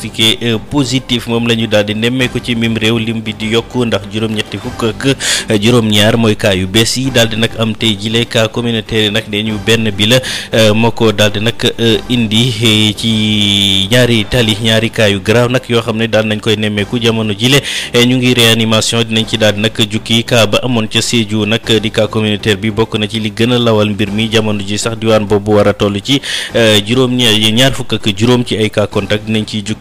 diagnostiqué euh, positif moom la ñu daal di nemmeeku ci mim réew lim bi di yokku ndax juróom-ñetti fukk euh, juróom-ñaar mooy cas yu bees yi daal di nag am tey jile cas communautaire yi nag ne ñu benn bi la euh, moo ko daal nag indi ci ñaari tali ñaari cas yu grave nag yoo xam ne daal nañ koy nemmeeku jamono jile ñu ngi réanimation dinañ ci daal di nag jukki cas ba amoon ca Sédhiou nag di cas communautaire bi bokk na ci li gën a lawal mbir mi jamono ji sax diwaan boobu war a toll ci juróom-ñaar fukk ak juróom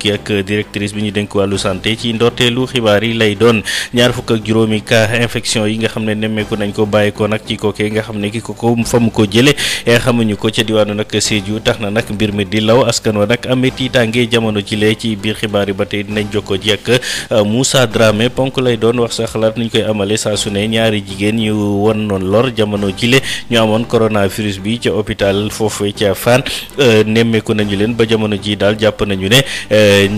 ki ak directrice bi ñu dénk wàllu santé ci ndorteelu xibaar yi lay doon ñaar fukk ak juróomi cas infection yi nga xam ne nemmeeku nañ ko bàyyi ko nag ci kookee nga xam ne ki ko ko fa mu ko jële eh, xamuñu ko ca diwaanu nag Sédhiou tax na nag mbir mi di law askan wa nag amee tiitaange jamono ci lee ci biir xibaar yi ba tey dinañ jokkoo ji ak eh, Moussa Dramé ponk lay doon wax sa xalaat niñ koy amale saa su ne ñaari jigéen ñu won noon lor jamono ci lee ñu amoon coronavirus bi ca hôpital foofu ca Fann eh, nemmeeku nañu leen ba jamono ji daal jàpp nañu ne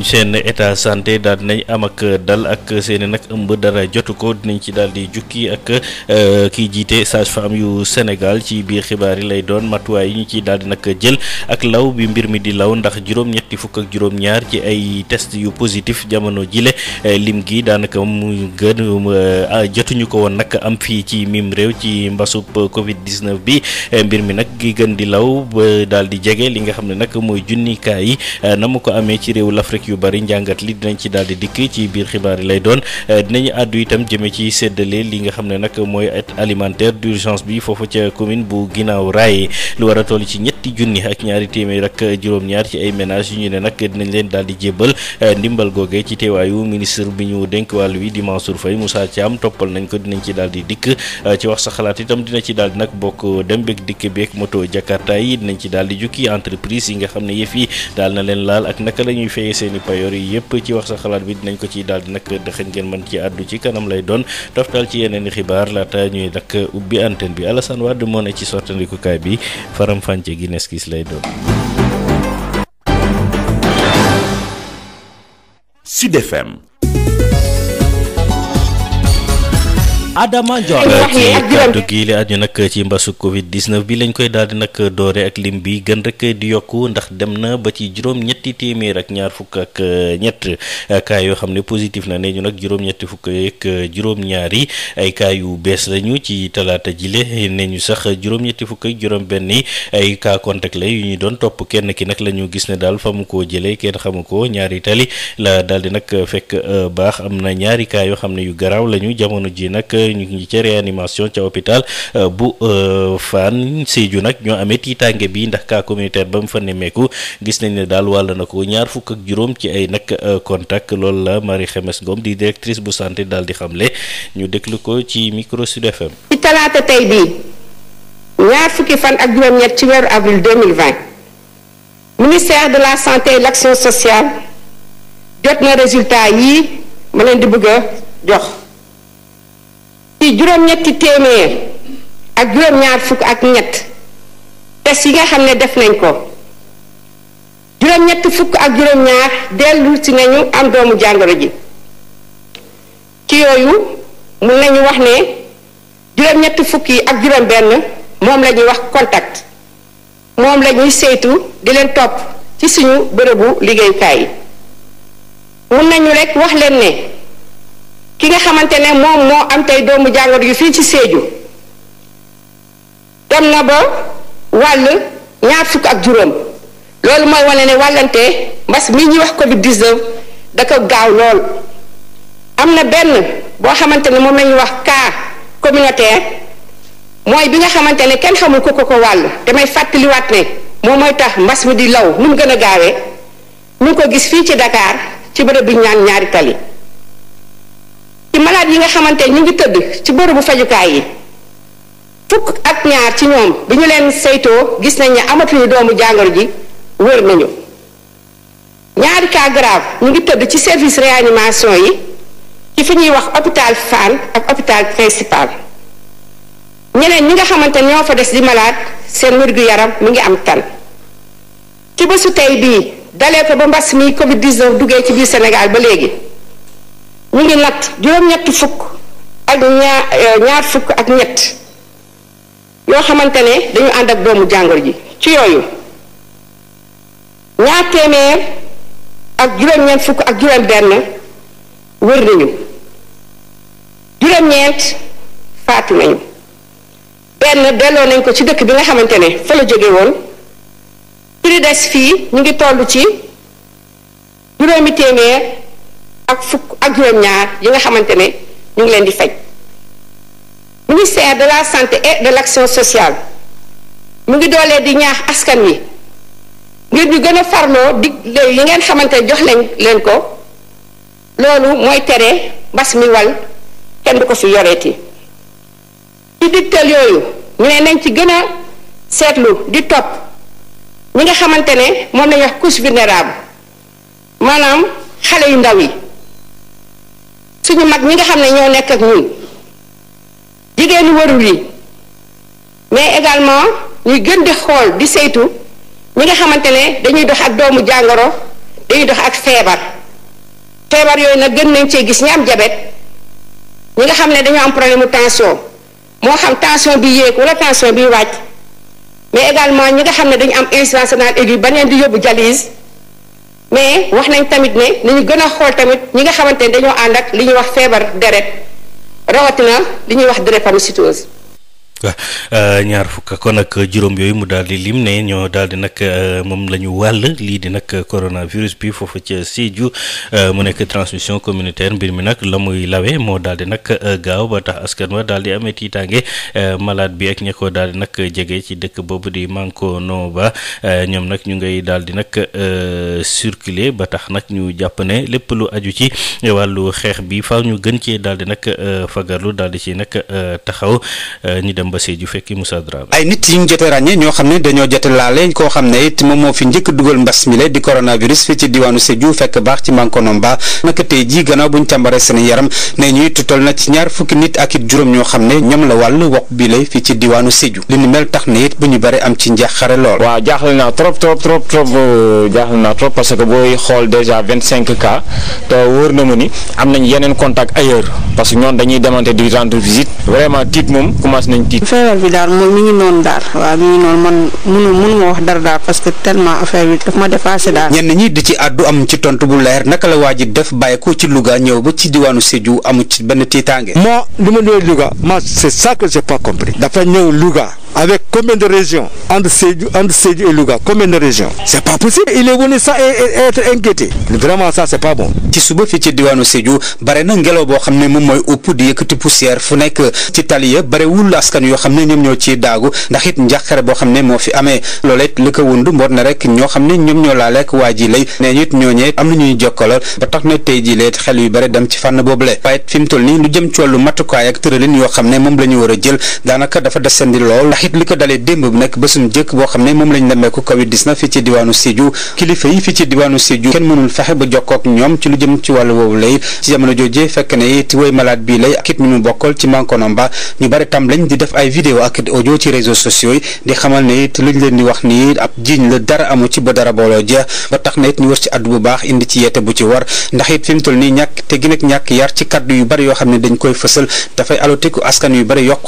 seen état santé daal nañ am ak dal ak seen i nag ëmb dara jotu ko dinañ ci daal di jukki ak euh, kiy jiite sage yu Sénégal ci biir xibaar yi lay doon matuwaay yi ñu ciy daal di nag jël ak law bi mbir mi di law ndax juróom fukk ak juróom-ñaar ci ay test yu positif jamono jile euh, lim gi daanaka mu gën euh, jotuñu ko woon nag am fii ci mim réew ci mbasub Covid 19 bi mbir mi nag gi gën di law ba daal di jege li nga xam ne nag mooy junnikaay yi na mu ko amee ci réew la. Afrique yu bari njàngat li dinañ ci daal di dikk ci biir xibaar yi lay doon eh, dinañu àddu itam jëme ci séddale li nga xam ne nag mooy aide alimentaire d'urgence bi foofu ca commune bu ginnaaw raay lu war a toll ci ñetti junni ak ñaari téeméer ak juróom-ñaar ci ay ménages yu ñu ne nag dinañ leen daal di jébbal eh, ndimbal googee ci teewaayu ministre bi ñu denk wàll wi di Mansour Faye Moussa Thiam toppal nañ ko dinañ ci daal di dikk eh, ci wax sa xalaat itam dina ci daal di nag bokk dem beeg dikk moto Jakarta yi dinañ ci daal di jukki entreprise yi xam seeni i payoor yi yëpp ci wax sa xalaat bi dinañ ko ciy daal di nag dëxëñ ngeen mën ci àddu ci kanam lay doon toftal ci yeneen xibaar laata ñuy dakk ubbi antenne bi Alassane Wade moo ne ci sottandikukaay bi faram-fàcce gi nes gis lay doon. Adama Ndione ci kàddu gii li aju nag ci mbasu Covid 19 bi lañ koy daal di nag doore ak lim bi gën rek di yokk ndax dem na ba ci juróom-ñetti téeméer ak ñaar fukk ak eh, ñett eh, cas yoo xam ne positif na ne ñu nag juróom-ñetti fukk ak juróom-ñaar ay cas yu bees lañu ci talaata jile ne ñu sax juróom fukk ak ay cas contact la yu ñu doon topp kenn ki nag la gis ne daal fa mu koo jëlee kenn xamu ko ñaari tali la daal di nag fekk eh, baax am na ñaari cas yoo xam ne yu garaaw lañu jamono ji nag. ñu ngi ca réanimation ca hôpital euh, bu euh, Fann Sédhiou nag ñoo amee tiitaange bi ndax cas communautaire ba mu fa nemmeeku gis nañ ne daal wàll na ko ñaar fukk ak juróom ci ay nag euh, contact loolu la Marie Xemes Ngom di directrice bu santé daal di xamle ñu déglu ko ci micro Sud FM. ci talaata tey bii ñaar fukki fan ak juróom-ñett ci weeru avril ministère de la santé et l'action sociale jot na résultat yii ma leen di bëgg a jox. ci juróom-ñetti téeméer ak juróom-ñaar fukk ak ñett test yi nga xam ne def nañ ko juróom-ñetti fukk ak juróom-ñaar dellu si nañu am doomu jàngoro ji ci yooyu mun nañu wax ne juróom-ñetti fukk yi ak juróom-benn moom la ñuy wax contact moom la ñuy di leen topp ci suñu bërëbu liggéeyukaay yi mun nañu rekk wax leen ne. ki nga xamante ne moom moo am tey doomu jàngoro yu fii ci Sédhiou dem na ba wàll ñaar fukk ak juróom loolu mooy wane ne wàllante mbas mi ñuy wax Covid 19 da ko gaaw lool am na benn boo xamante ne moom la wax cas communautaire mooy bi nga xamante ne kenn xamul ku ko ko wàll damay fàttaliwaat ne moom mooy tax mbas mi di law nu gën a gaawee ñu ko gis fii ci dakaar ci bërëb bi ñaan ñaari tali. ci malaat yi nga xamante ñu ngi tëdd ci bërëbu fajukaay yi fukk ak ñaar ci ñoom bi ñu leen saytoo gis nañ ne amatuñu doomu jàngoro ji wér nañu ñaari cas grave ñu ngi tëdd ci service réanimation yi ci fi ñuy wax hôpital Fann ak hôpital principal ñeneen ñi nga xamante ñoo fa des di malade seen wér gu yaram mu ngi am tan ci bésu tey bii dalee ko ba mbas mi Covid 19 duggee ci biir senegal ba léegi. ñu ngi natt juróom-ñett fukk ak euh, ñaar fukk ak ñett yoo xamante ne dañu ànd ak doomu jàngoro ji ci yooyu ñaar téeméer ak juróom-ñeent fukk ak juróom-benn wër nañu juróom-ñeent faatu nañu benn delloo nañ ko ci dëkk bi nga xamante ne fa la jóge woon prix des fii ñu ngi toll ci juróomi téeméer. ak fukk ak juróom-ñaar yi nga xamante ne ñu ngi leen di faj ministère de la santé et de l'action sociale mu ngi doolee di ñaax askan wi ngir ñu gën a farloo dig yi ngeen xamante ne jox leen leen ko loolu mooy tere mbas mi wal kenn du ko fi yoreeti ci digtal yooyu ñu ne nañ ci gën a seetlu di topp ñi nga xamante ne mën lañ wax couche vulnérable maanaam xale yu ndaw yi suñu mag ñi nga xam ne ñoo nekk ak ñun jigéenu warul yi mais également ñuy gën di xool di saytu ñi nga xamante ne dañuy dox ak doomu jàngoro dañuy dox ak feebar feebar yooyu nag gën nañ cee gis ñu am jabet ñi nga xam ne dañoo am problème mu tension moo xam tension bi yéeg wala tension bi wàcc mais également ñi nga xam ne dañu am insuffisance rénale aiguë ba neen di yóbbu dialyse mais wax nañ tamit ne ñu gën a xool tamit ñi nga xamante ne dañoo ànd ak li ñuy wax feebar deret rawatina li ñuy wax drépanocytose waaw euh, ñaar fukk kon nag juróom yooyu mu daal di lim ne ñoo daldi di nag euh, moom la ñu wàll lii di nag coronavirus bi foofu ca Sédhiou euh, mu nekk transmission communautaire mbir mi nag la muy lawee moo daal di nag gaaw ba tax askan wa daal di amee tiitaange malade bi ak ña ko daal di nag jege ci dëkk boobu di noo ba ñoom nag ñu ngay daal di nag circuler ba tax nag ñu jàpp ne lépp lu aju ci wàllu xeex bi faaw ñu gën cee daal di nag fagarlu daldi di ci nag taxaw ñi dem dem ba Sédhiou fekki Moussa Dramé. ay nit yi ñu jotee ràññee ñoo xam ne dañoo jote laale koo xam ne it moom moo fi njëkk dugal mbas mi la di coronavirus fi ci diwaanu Sédhiou fekk baax ci Mankonomba naka tey gannaaw bu ñu seen yaram ne ñuy tutal na ci ñaar fukki nit ak juróom ñoo xam ne ñoom la wàll wopp bi lay fi ci diwaanu Sédhiou li ni mel tax na it bu ñu bari am ci njaaxare lool. waaw jaaxle naa trop trop trop euh, jaaxle naa trop parce que booy na ma ni am nañ yeneen contact ailleurs ji. feebar bi daal moom mi ngi noonu daal waaw mi ngi noonu man munu munu ma wax dara daal parce que tellement affaire bi daf ma dépassé daal. ñenn ñi di ci àddu am ci tontu bu leer naka la waa ji def bàyyi ko ci Louga ñëw ba ci diwaanu Sédhiou amu ci benn tiitaange. moo li ma ñëwee Louga ma c'est ça que j'ai pas compris dafa ñëw Louga. Avec combien de régions entre Sédou, et Louga Combien de régions C'est pas possible. Il est venu sans e, e, être inquiété. Vraiment, ça, ci suba fii ci diwaanu seju bare na ngelaw boo xam ne moom mooy upp di yëkkati poussière fu nekk ci tali ya barewul askan yoo xam ne ñoom ñoo ciy daagu ndax it njàqare boo xam ne moo fi amee loolee li ko wund mboot na rek ñoo xam ne ñoom ñoo laa lekk waa ji lay nee it ñooñee am na ñuy jokkalal ba tax na tey jii lee xel yu bare dem ci fànn boobule waaye it toll nii lu jëm ci wàllu matukaay ak tëralin yoo xam ne moom la ñu war a jël daanaka dafa desandi lool ndax ndax it li ko dalee démb nag bésum jëkk boo xam ne moom lañ demee covid 19 fii ci diwaanu Sédhiou kenn mënul fexe ba jokkoo ñoom ci lu jëm ci wàllu woowu lay ci jamono jooje fekk ne it woy malade bii lay ak it ñu bokkal ci Mankonomba ñu bari tam lañ di def ay vidéo ak audio ci réseaux sociaux yi di xamal ne it luñ leen wax nii ab jiiñ la dara amu ci ba dara booloo jeex ba tax na it ñu war ci addu bu baax indi ci yeete bu ci war ndax it fi mu toll yu bari yoo xam ne dañ koy fësal dafay alotiku askan yu bari yokk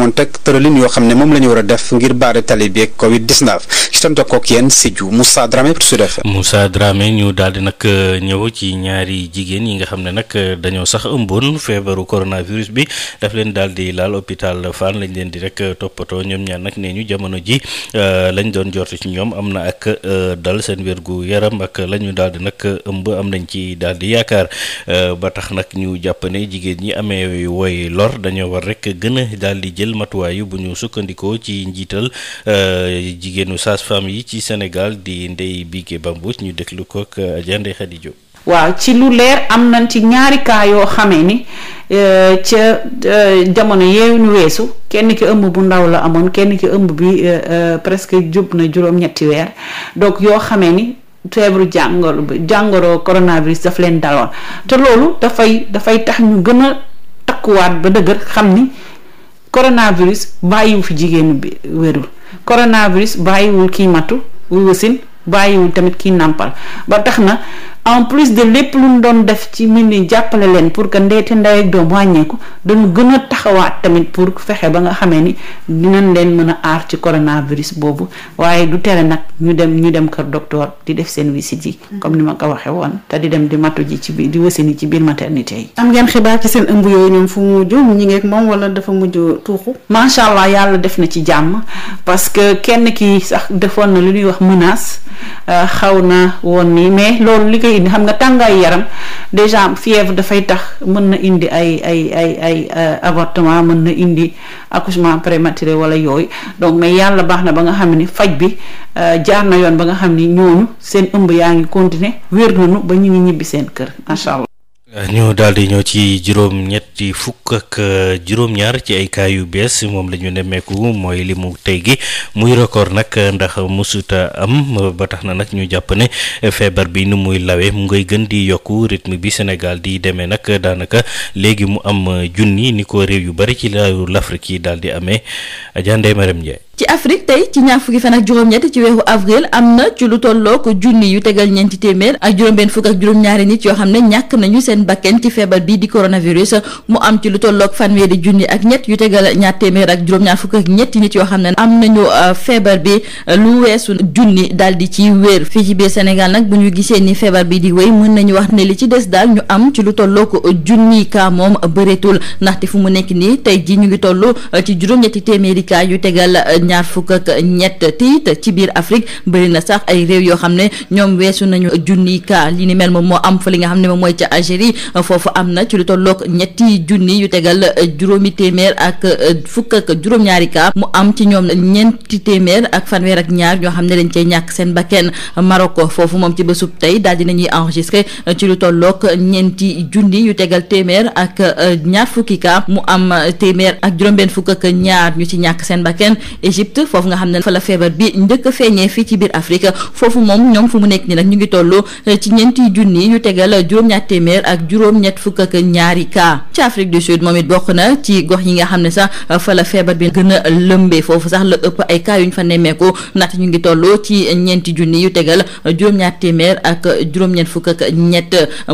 amoon teg tëralin yoo xam ne moom la ñu war a def ngir baare tali bi Covid ci tam ko ak yéen Sédhiou Moussa Dramé pour Sud FM. Moussa Dramé ñu daal di euh, ñëw ci ñaari jigéen yi nga xam ne nag euh, dañoo sax ëmboon feebaru coronavirus bi daf leen daal di laal hôpital Fann lañ leen di rek euh, toppatoo ñoom ñaar nag nee ñu jamono ji lañ doon jot ci ñoom am na ak dal seen wér gu yaram ak la ñu daal di nag ëmb am nañ ci daal di yaakaar ba tax nag ñu jàpp jigéen ñi amee jël matuwaay bu ñu sukkandikoo ci njiital euh, jigéenu sage-femme yi ci senegal di Ndeye Bigué Bambou ñu déglu ko ak euh, Adja Ndeye Khady Diop waaw ci lu leer am nañ ci ñaari kaa yoo xamee ni euh, ca jamono yee weesu kenn ki ëmb bu ndaw la amoon kenn ki ëmb bi presque jub na juróom-ñetti weer donc yoo xamee ni feebru jàngoro jàngoro coronavirus daf leen daloon te loolu dafay dafay tax ñu gën takkuwaat ba dëgër xam ni. coronavirus bàyyiwu fi jigéen bi wérul coronavirus bàyyiwul kiy matu wuy wasin bàyyiwul tamit kiy nàmpal ba tax na en plus de lépp lu ñu doon def ci mbir mi jàppale leen pour que ndeeti ndey ak doom wàññeeku dañu gën a taxawaat tamit pour fexe ba nga xamee ni dinañ leen mën a aar ci coronavirus boobu waaye du tere nag ñu dem ñu dem kër docteur di def seen visite yi. Mm-hmm. comme ni ma ko waxee woon te di dem di matu ji ci biir di wasini ci biir maternité yi. am ngeen xibaar ci seen ëmb yooyu ñoom fu mu mujj ñi ngeeg moom wala dafa mujj tuuxu. macha allah yàlla def na ci jàmm parce que kenn na lu ñuy wax menace. xaw na woon nii mais loolu li koy indi xam nga tàngaayu yaram déjà fièvre dafay tax mën na indi ay ay ay ay euh, avortement mën na indi accousement prématuré wala yooyu donc mais yàlla baax na ba nga xam ni faj bi euh, jaar na yoon ba nga xam ni ñooñu seen ëmb yaa ngi continuer wér nañu ba ñu ngi ñibbi seen kër ñu daal di ñëw ci juróom-ñetti fukk ak euh, juróom-ñaar ci ay cas yu bees moom la ñu nemmeeku mooy li mu tey gi muy record nag ndax musuta am ba tax na nag ñu jàpp ne feebar bi ni muy lawee mu ngay gën di yokku rythme bi senegal di demee nag daanaka léegi mu am junni ni ko réew yu bari ci laayu l'Afrique yi daal di amee Adja Ndeye Marème ci Afrique tey ci ñaar fukki fan ak juróom-ñett ci weeru avril am na ci lu tollook junni yu tegal ñeenti téeméer ak juróom fukk ak juróom-ñaari nit yoo xam ne ñàkk nañu seen bakken ci feebar bi di coronavirus mu am ci lu tollook fanweeri junni ak ñett yu tegal ñaar téeméer ak juróom-ñaar fukk ak ñetti nit yoo xam ne am nañu euh, feebar bi lu weesu junni daal di ci wér fii ci biir Sénégal nag bu ñu gisee ni feebar bi di wéy mën nañu wax ne li ci des daal ñu am ci lu tollook junni kaa moom bëreetul ndaxte fu mu nekk nii tey ji ñu ngi toll euh, ci juróom téeméeri kaa yu tegal euh, ñaar fukk ak ñett tiit ci biir Afrique bëri na sax ay réew yoo xam ne ñoom weesu nañu junni ka li ni mel moom moo am fa li nga xam ne moom mooy ca Algérie foofu am na ci lu tolloog ñetti junni yu tegal juróomi téeméer ak fukk ak juróom-ñaari mu am ci ñoom ñeenti téeméer ak fanweer ak ñaar ñoo xam ne dañ cey ñàkk seen bakken Maroc foofu moom ci bésub tey daal di nañuy enregistré ci lu tolloog ñeenti junni yu tegal téeméer ak ñaar fukki ka mu am téeméer ak juróom-benn fukk ak ñaar ñu ci ñàkk seen bakken Égypte foofu nga xam ne fa la feebar bi njëkk feeñee fii ci biir Afrique foofu moom ñoom fu mu nekk nii nag ñu ngi toll eh, ci ñeenti junni yu tegal juróom-ñaar téeméer ak juróom fukk ak ñaari cas ci Afrique du Sud moom na ci gox yi nga xam ne sax eh, fa feebar bi gën a lëmbee foofu sax la ëpp ay cas yu ñu fa nemmeeku naata ñu ngi toll ci ñeenti junni yu tegal juróom téeméer ak juróom-ñett fukk ak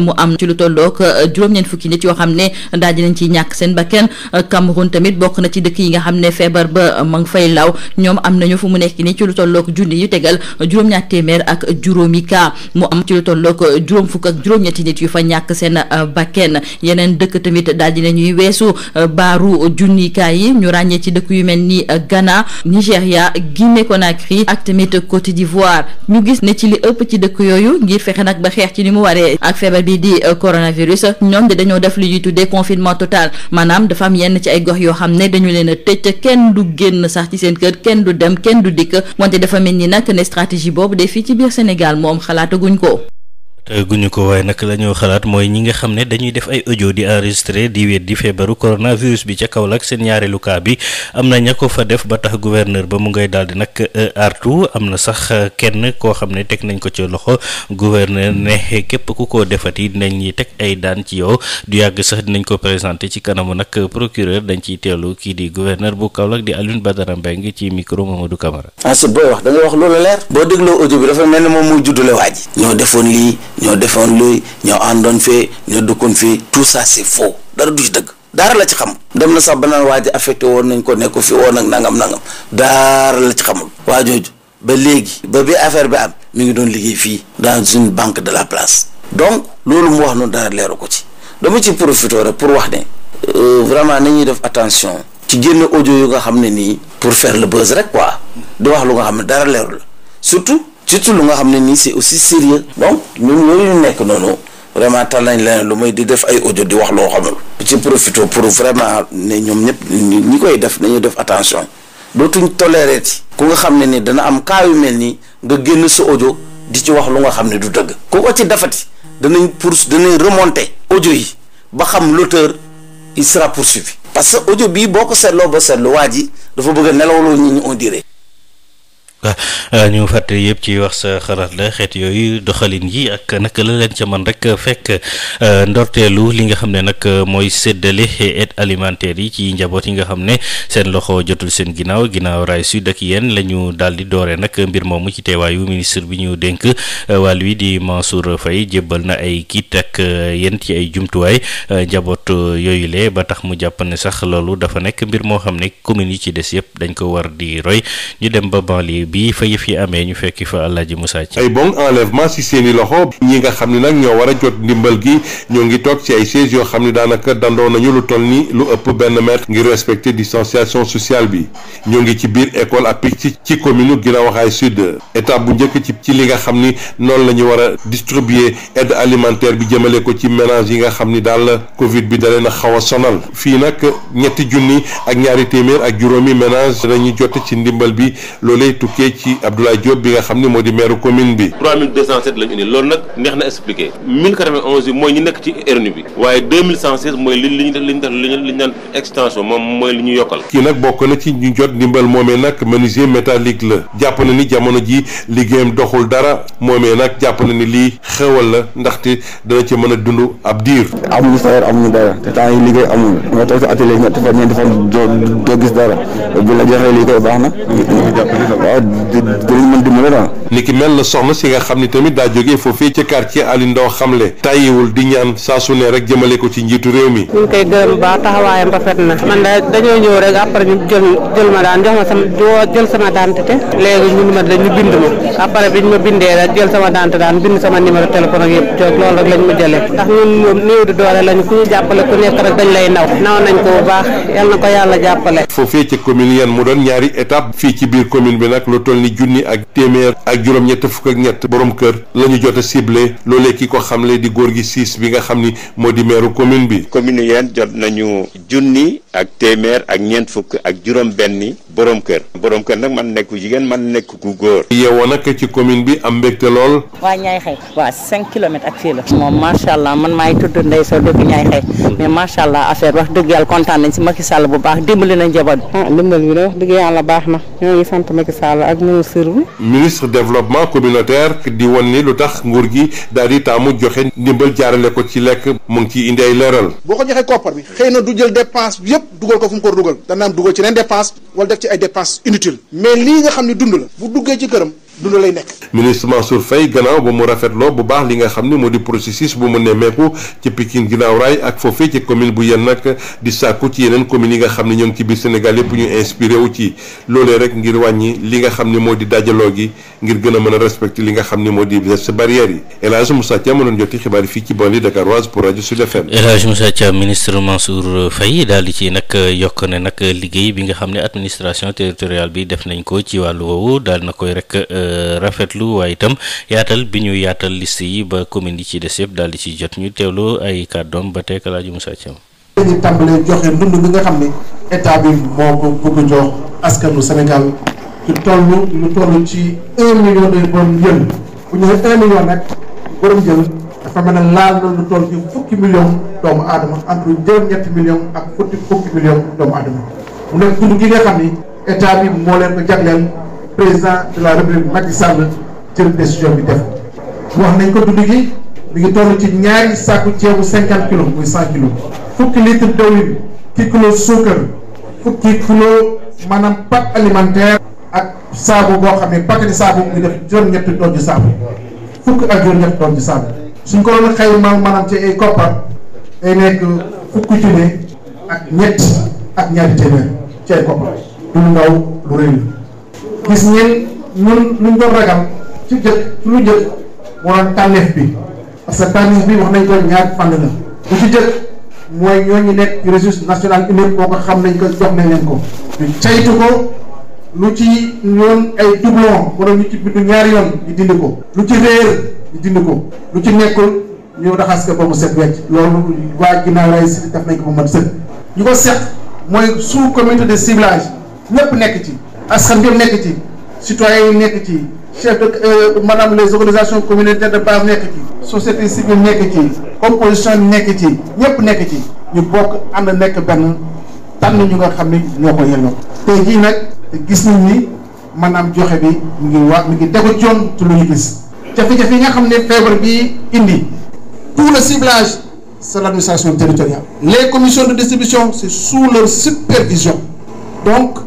mu am ci lu tollook eh, juróom-ñeent fukki nit yoo xam ne daal nañ ci ñàkk seen ba bakkan Cameroun tamit bokk na ci dëkk yi nga xam ne feebar ba mag fay law ñoom am nañu fu mu nekk nii ci lu tolloog junni yu tegal juróom-ñaar téeméer ak juróomi kaa mu am ci lu tolloog juróom fukk ak juróom-ñetti nit yu fa ñàkk seen euh, bakken yeneen dëkk tamit daal dina ñuy weesu euh, baaru junni kaa yi ñu ràññee ci dëkk yu mel nii ni euh, Ghana ko Guinée Conakry ak tamit Côte d'Ivoire ñu gis ne ci li ëpp ci dëkk yooyu ngir fexe nag ba xeex ci ni mu waree ak feebar bi di coronavirus ñoom de dañoo def lu ñuy tuddee confinement total maanaam dafa am yenn ci ay gox yoo a kenn du dem kenn du dikk wante dafa mel ni nag ne stratégie boobu de fii ci biir Sénégal moom xalaataguñ ko. guñu ko waaye nag la xalaat mooy ñi nga xam ne dañuy def ay audio di enregistré di wéet di feebaru coronavirus bi ca Kaolack seen ñaareelu cas am na ña ko fa def ba tax gouverneur ba mu ngay daal di nag euh, artu am na sax euh, kenn koo xam ne teg nañ ko ci loxo gouverneur ne képp ku ko defati dinañ ñi teg ay daan ci yow du yàgg sax dinañ ko présenté ci kanamu nag procureur dañ ci teelu kii di gouverneur bu Kaolack di Alioune Badara Mbengue ci micro ah, da nga wax loolu leer. boo dégloo audio bi moom moo juddale ñoo defoon luy ñoo àndoon fee ñoo dëkkoon fii tout ça c'est faux dara du ci dëkk daara la ci xam dem na sax banaan waa ji woon nañ ko nekku fi woon ak nangam nangam daara la ci xamul waa jooju ba léegi ba bi affaire bi am mi ngi doon liggéey fii dans une banque de la place donc loolu mu wax noonu dara leeru ko ci dama ci profité rek pour wax ne euh, vraiment nañuy def attention ci génn audio yu nga xam ne nii pour faire le buzz rek quoi di wax lu nga xam ne dara leeru la surtout lu nga xam ne nii c'est aussi sérieux donc ñun yooyu nekk noonu vraiment tal nañ leneen lu may di def ay ojo di wax loo xamul ci profité pour vraiment ne ñoom ñëpp ñi koy def nañu def attention dootuñ toléré ci ku nga xam ne ni dana am cas yu mel nii nga génn si audio di ci wax lu nga xam ne du dëgg ku ko ci defati danañ pour danañ remonter audio yi ba xam l'auteur il sera poursuivi parce que audio bii boo ko seetloo ba seetlu waa ji dafa bëgg a nelawloo nit ñi on la euh, ñu fàttali yëpp ci wax sa xalaat la xeet yooyu doxalin yi ak naka la leen ca man rek fekk euh, ndorteelu li nga xam ne nag mooy séddale aide alimentaire yi ci njaboot yi nga xam ne seen loxo jotul seen ginnaaw ginnaaw raay sud ak yéen la ñu daal di doore nag mbir moomu ci teewaayu ministre bi ñu dénk euh, wàll wi di Mansour Faye jébbal na ay kit ak yéen ci ay jumtuwaay njaboot yooyu le ba tax mu jàpp ne sax loolu dafa nekk mbir moo xam ne communes yi ci des yëpp dañ ko war bii fa yëf yi amee ñu fekki fa Alaaji Moussa Thiam ay bon enlèvement si seeni loxo ñi nga xam ni nag ñoo war a jot ndimbal gi ñoo ngi toog ci ay sièges yoo xam ne daanaka dandoo nañu lu toll ni lu ëpp benn mètre ngir respecter distanciation sociale bi ñoo ngi ci biir école appic ci ci gina Guinaw Rail Sud étape bu njëkk ci ci li nga xam ni noonu la ñu war a distribuer aide alimentaire bi jëmale ko ci ménage yi nga xam ni daal Covid bi dalee na xaw a sonal fii nag ñetti junni ak ñaari téeméer ak juróomi ménage dañuy jot ci ndimbal bi loolee tukki tukkee ci Abdoulaye Diop bi nga xam ne moo di maire commune bi 3207 lañu indi loolu nag neex na expliqué 1091 bi mooy ñi nekk ci RNU bi waaye mooy li li ñu yokkal kii nag bokk na ci ñu jot ndimbal moomee nag menuisier métallique la jàpp na ni jamono ji liggéeyam doxul dara moomee nag jàpp na ni lii xewal la ndaxte dana ci mën a dund ab diir amuñu salaire amuñu dara te temps yi liggéey amuñu nga toog sa atelier ñetti ñeenti fan doo dara bu la joxee liggéey baax dinañ mën dimbale daal ni ki mel na soxna si nga xam ni tamit daa jógee foofee ca quartier Aliou Ndao xamle tàyyiwul di ñaan saa su ne jëmale ko ci njiitu réew mi ñu ngi koy gërëm baax taxawaayam rafet na man da dañoo ñëw rek après ñu jël jël ma daan jox ma sama jël sama dentité léegi ñun ma dañu bind ma après bi ñu ma bindee rek jël sama dentité daan bind sama numéro téléphone ak yëpp jox loolu rek lañ ma jëlee ndax ñun moom néew di doole lañ ku ñu jàppale ku nekk rek dañ ko bu baax yal na ko yàlla jàppale foofee ca commune yeen mu doon ñaari étape fii lu toll ni junni ak téeméer ak juróom-ñett fukk ak ñett borom kër la ñu jot a ciblé loolee ki ko xamle di góor gi siis bi nga xam ni moo di meeru commune bi. commune yeen jot nañu junni. ak téeméer ak ñeent fukk ak juróom benni borom kër borom kër nag man nekk jigéen man nekk ku góor yeewoo nag ci commune bi am mbégte lool waa ñaay xëy waa cinq ak fii la moom macha allah man maay tudd Ndeye Sow dëkk affaire wax dëgg yàlla kontaan nañ si Macky Sall bu baax dimbali na njaboot ah dimbal bi la wax dëgg yàlla baax na ñoo ngi sant Macky Sall ak ministre bi ministre développement communautaire di won ni lu tax nguur gi daal di taamu joxe ndimbal jaarale ko ci lekk mu ngi ciy indi ay leeral boo ko joxee koppar bi xëy dugal ko fu mu ko dugal danaam dugal ci leen dépense wala def ci ay dépense inutile mais lii nga xam ne dund la bu duggee ci këram dund lay nekk. ministre Mansour Faye gannaaw ba mu rafet loo bu baax li nga xam ni moo di processus bu mu nemmeeku ci Pikine ginnaaw raay ak foofee ci commune bu yenn nag di sàkku ci yeneen communes yi nga xam ni ñoo ngi ci biir Sénégal yëpp ñu inspiré wu ci loolee rek ngir wàññi li nga xam ni moo di dajaloo gi ngir gën a mën a respecté li nga xam ni moo di gestes barrières yi El Hadj Moussa Thiam doon joti xibaar yi fii ci banlieue dakaroise pour rajo Sud FM. El Hadj Moussa Thiam ministre daal di ci nag yokk ne nag liggéey bi nga xam ne administration territoriale bi def nañ ko ci wàllu woowu daal na koy rek euh, rafetlu waaye itam yaatal bi ñu yaatal liste yi ba commune yi ci des yëpp daal di ci jot ñu teewlu ay kàddoom ba tey Alaaji Moussa Thiam. nga xam ne état bi moo ko bëgg jox askanu Sénégal ci toll lu toll ci un million de borom a leen président de la république Macky Sall jël décision bi def wax nañ ko dund gi mi ngi toll ci ñaari sàkku ceebu cinquante kilos muy cent kilos fukki litre dawlin fukki kilo suukar fukki kilo maanaam pack alimentaire ak saabu boo xam ne paquet saabu mu ngi def juróom-ñetti doon ci saabu fukk ak juróom-ñetti doon ci saabu suñ ko doon xëy ma maanaam ci ay koppar day nekk fukki junne ak ñett ak ñaari téeméer ci ay koppar du ndaw lu rëy gis ngeen ñun luñ doon ragal ci jëkk ci lu jëkk waroon tànneef bi parce que tànneef bi wax nañ ko ñaar fànn la bu ci jëkk mooy ñooñu nekk ci ressource nationale unique boo ko xam nañ ko jox nañ leen ko ñu caytu lu ci yoon ay doublon wala ñu ci bindu ñaari yoon ñu dindi ko lu ci réer ñu dindi ko lu ci nekkul ñu raxas ko ba mu set wecc loolu waa ginnaaw lay si nañ ko ba mu mat sëkk ñu ko set mooy sous comité de ciblage ñëpp nekk ci askan bi nekk ci citoyens yi nekk ci chef de euh, maanaam les organisations communautaires de base nekk ci société civile nekk ci opposition nekk ci ñëpp nekk ci ñu bokk ànd nekk benn tànn ñu nga xam ne ñoo ko yelloo jii nag gis nañ ni maanaam joxe bi mu ngi wax mu ngi tegu coon ci lu ñu gis jafe-jafe yi nga xam ne feebar bi indi tout le ciblage c'est l'administration territoriale les commissions de distribution c'est sous leur supervision donc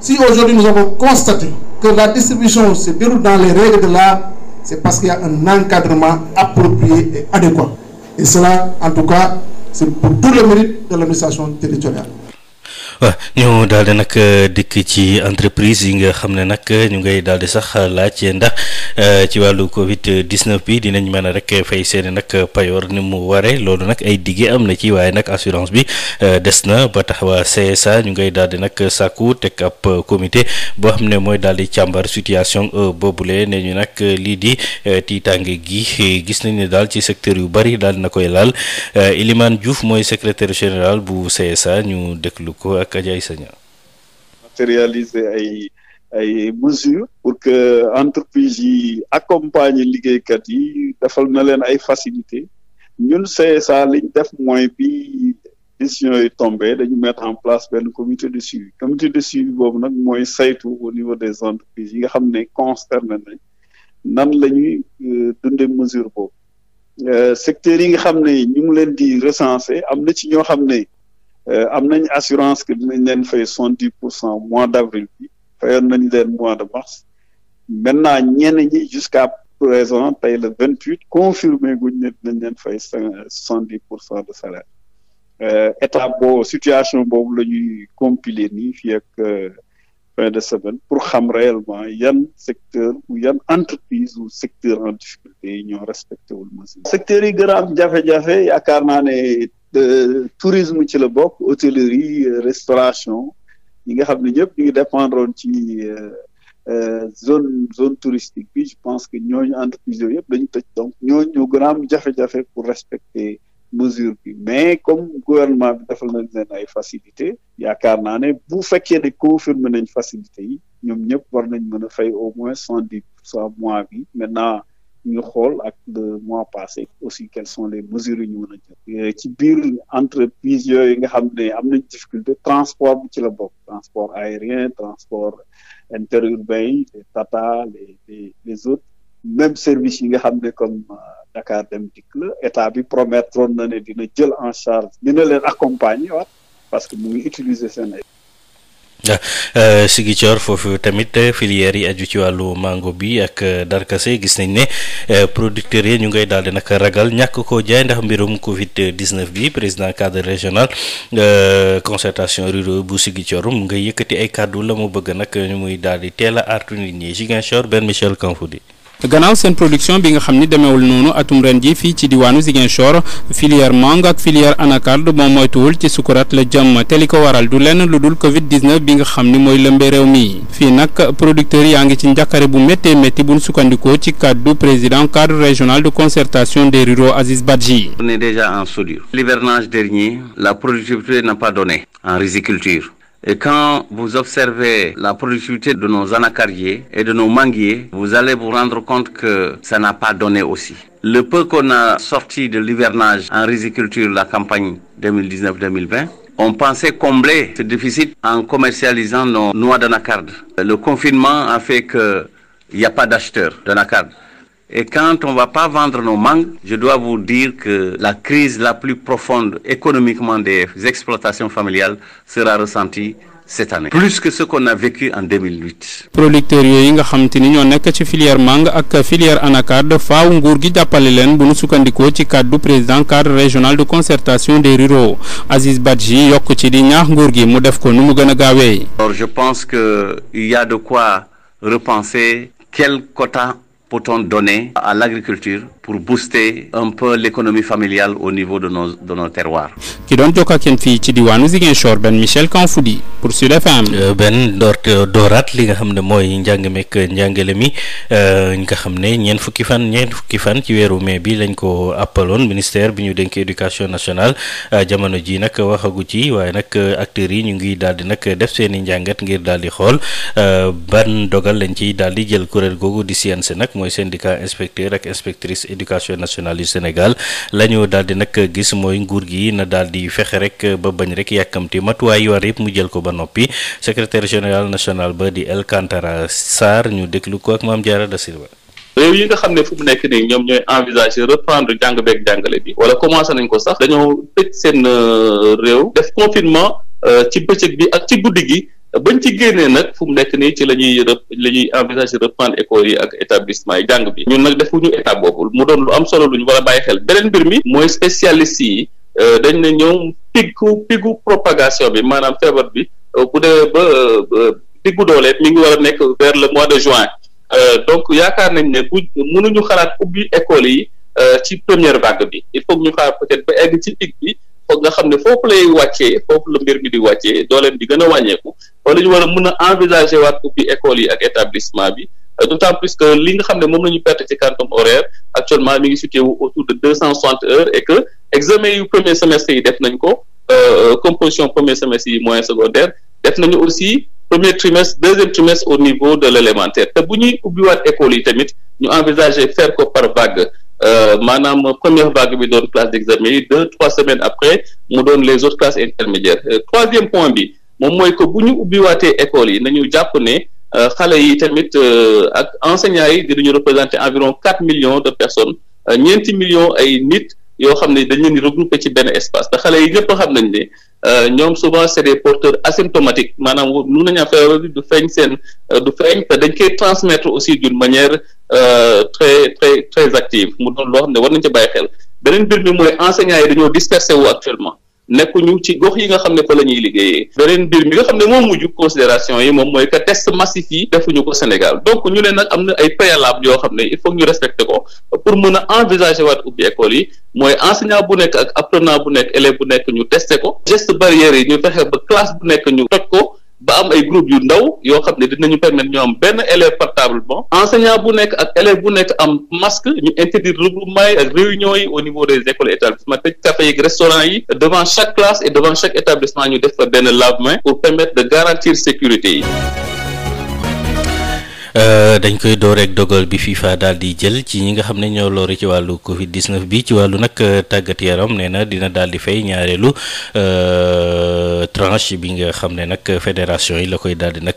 Si aujourd'hui nous avons constaté que la distribution se déroule dans les règles de l'art, c'est parce qu'il y a un encadrement approprié et adéquat. Et cela, en tout cas, c'est pour tout le mérite de l'administration territoriale. waa ñu daal di nag euh, dikk ci entreprise yi nga xam ne nag euh, ñu ngay daal di sax laaj ndax euh, ci wàllu Covid 19 bi dinañ mën a rek fay seeni nag payoor ni mu waree loolu nag ay diggé am na ci waaye nag assurance bi des na ba tax waa CSA ñu ngay daal di nag sàkku teg ab comité boo xam ne mooy daal di càmbar situation boobule nee ñu nag lii di tiitaange gi gis nañ ne daal ci secteur yu bari daal di na koy laal Elimane Diouf mooy secrétaire général bu CSA ñu déglu ko. ak Adja Aïssa matérialiser ay ay mesures pour que entreprise yi accompagner liggéeykat yi defal na leen ay facilité ñun CSA liñ def mooy bi décision yi tombé dañu mettre en place benn comité de suivi comité de suivi boobu nag mooy saytu au niveau des entreprises yi nga xam ne concerné nañ nan la ñuy euh, dundee mesure boobu euh, secteurs yi nga xam ne ñu ngi leen di recenser am na ci ñoo xam ne Euh, am nañ assurance que dinañ leen fay soixante dix pour cent mois d' avril bi nañ leen mois de mars maintenant ñenn ñi jusqu'à présent tey le vingt huit confirmé guñ ne dinañ leen fay soixante dix pour cent de salaire euh, état boo situation boobu la ñuy compiler ni fii euh, fin de semaine pour xam réellement yan secteur ou yan entreprise ou secteur en difficulté yi ñoo respecté wul mesure secteurs yi gën am jafe-jafe yaakaar naa tourisme ci la bokk hôtellerie euh, restauration ñi nga xam ne ñëpp ñu ngi dépendre woon ci euh, euh, zone zone touristique bi je pense que ñooñu entreprise yooyu yëpp dañu tëj donc ñooñu ñoo gën a am jafe-jafe pour respecter mesure bi mais comme gouvernement bi defal nañ leen ay facilité yaakaar naa ne bu fekkee ne confirmer nañ facilité yi ñoom ñëpp war nañ mën a fay au moins cent dix pour cent mois bi maintenant ñu xool ak de mois passé aussi quelles sont les mesures yu ñu mën a jël euh, ci biir entreprise nga xam ne am nañ difficulté transport bi ci la bokk transport aérien transport interurbain yi les Tata les autres même service yi nga xam ne comme euh, Dakar Dem Dikk la état bi promettroon na ne dina jël en charge dina leen accompagner waat parce que mu ngi utiliser seen Euh, Ziguinchor foofu tamit euh, filière yi aju ci wàllu mango bi ak euh, darkase gis nañ ne producteurs yi ñu ngay daal di nag ragal ñàkk koo jaay ndax mbirum Covid 19 bi président cadre régional concertation rurale bu Ziguinchor mu ngay yëkkati ay kàddu la mu bëgg nag ñu muy daal di teel a artu nit ñi Ziguinchor benn Michel Kanfoudi gannaaw seen production bi nga xam ni demeewul noonu atum ren ji fii ci diwaanu Ziguinchor filière mangue ak filière anacarde moom moytuwul ci sukuraat la jëm te li ko waral du lenn lu dul Covid 19 bi nga xam ni mooy lëmbee réew mi fii nag producteurs yaa ngi ci njàqare bu méttee métti buñ sukkandikoo ci kàddu président cadre régional de concertation des ruraux Aziz Badji. On est déjà en soudure. L'hivernage dernier, la productivité n'a pas donné en culture Et quand vous observez la productivité de nos anacardiers et de nos manguiers, vous allez vous rendre compte que ça n'a pas donné aussi. Le peu qu'on a sorti de l'hivernage en riziculture, la campagne 2019-2020, on pensait combler ce déficit en commercialisant nos noix d'anacarde. Le confinement a fait qu'il n'y a pas d'acheteurs d'anacarde. Et quand on ne va pas vendre nos mangues, je dois vous dire que la crise la plus profonde économiquement des exploitations familiales sera ressentie cette année plus que ce qu'on a vécu en 2008. producteurs nga xam te ni ñoo nekk ci filière mangue ak filière anacarde faaw nguur gi jàppale leen bu nu sukkandikoo ci kàddu président cadre régional de concertation des ruraux Aziz Badji yokk ci di ñaax nguur gi mu def ko nu mu gën a gaawee. alors je pense que il y a de peut-on donner à l'agriculture pour booster un peu l'économie familiale au niveau de nos de nos terroirs. ki doon jokkoo ak yéen fii ci diwaanu Ziguinchor benn Michel Kanfoudi pour Sud FM. Euh, benn door dooraat li nga xam ne mooy njàng meek njàngale mi euh, nga xam ne ñeent fukki fan ñeent fukki fan ci weeru mai bi lañ ko appaloon ministère bi ñu dénk éducation nationale euh, jamono ji nag waxagu ci waaye nag acteurs yi ñu ngi daal di nag def seen i njàngat ngir daal di xool ban dogal lañ ciy daal di jël kuréel googu di CNC nag mooy syndicat inspecteur éducation nationale yu Sénégal la ñu daal di nag gis mooy nguur gi na daal di fexe rek ba bañ rek yàkkamti matuwaay yu war yëpp mu jël ko ba noppi secrétaire général national ba di Alcantara Sarr ñu déglu ko ak Mame Diarra Da Silva. réew yi nga xam ne fu mu nekk nii ñoom ñooy envisager reprendre jàng beeg jàngale bi wala commencé nañ ko sax dañoo tëj seen euh, réew def confinement euh, ci bëccëg bi ak ci guddi gi. bañ ci génnee nag fu mu nekk nii ci la ñuy rep la ñuy envisager reprendre école yi ak établissement yi jàng bi ñun nag defuñu état boobu mu doon lu am solo lu ñu war a bàyyi xel beneen mbir mi mooy spécialiste yi euh, dañ ne ñoom piggu piggu propagation bi maanaam feebar bi euh, bu dee ba piggu doole mi ngi war nekk vers le mois de juin euh, donc yaakaar nañ ne bu mënuñu xalaat ubbi école yi ci première vague bi il faut ñu xaar peut ba egg ci pic bi. foog nga xam ne foofu lay wàcce foofu la mbir mi di wàccee dooleem di gën a wàññeeku wala ñu war a mën a envisager waat ubbi école yi ak établissement bi euh, d'autant plus que li nga xam ne moom la ñu perte ci quantum horaire actuellement mi ngi situé wu autour de deux et que examen yu premier semestre yi def nañ ko euh, composition premier semestre yi moyen secondaire def nañu aussi premier trimestre deuxième trimestre au niveau de l'élémentaire te bu ñuy ubbiwaat école yi tamit ñu envisager faire ko par vague Euh, maanaam première vague bi doon classe d'examen yi deux trois semaines après mu doon les autres classes intermédiaires euh, troisième point bi moom mooy que bu ñu ubbiwaatee école yi nañu jàpp ne euh, xale yi tamit ak enseignants yi dinañu représenter environ quatre millions de personnes ñeenti millions ay nit yoo xam ne dañ leen di regrouper ci benn espace te xale yi ñëpp xam nañ ne euh, ñoom souvent c' est des porteurs asymptomatiques maanaam mun nañu affaire du feeñ seen euh, du feeñ te dañ koy transmettre aussi d' une manière euh, très très très mu doon loo xam ne war nañ ca bàyyi xel beneen mbir mi mooy enseignants yi dañoo dispersé wu actuellement. nekkuñu ci gox yi nga xam ne fa la ñuy liggéeyee beneen mbir mi nga xam ne moom mujj considération yi moom mooy que test massif yi defuñu ko Sénégal donc ñu ne nag am na ay préalable yoo xam ne il faut ñu respecté ko pour mën a envisager waat ubbi école yi mooy enseignant bu nekk ak apprenant bu nekk élève bu nekk ñu testé ko geste barrière yi ñu fexe ba classe bu nekk ñu toj ko ba am ay groupe yu ndaw yoo xam ne dinañu permettre ñu am benn élève par table bon enseignant bu nekk ak élève bu nekk am masque ñu interdire regroupement yi ak réunion yi au niveau des écoles et établissements tëj café yi restaurant yi devant chaque classe et devant chaque établissement ñu def fa benn lave-main pour permettre de garantir sécurité yi Euh, dañ koy door rek dogal bi FIFA daal di jël ci ñi nga xam ne ñoo looru ci wàllu Covid 19 bi ci wàllu nag euh, tàggat yaram nee na dina daal di fay ñaareelu euh, tranche bi nga xam ne nag fédération yi la koy daal di nag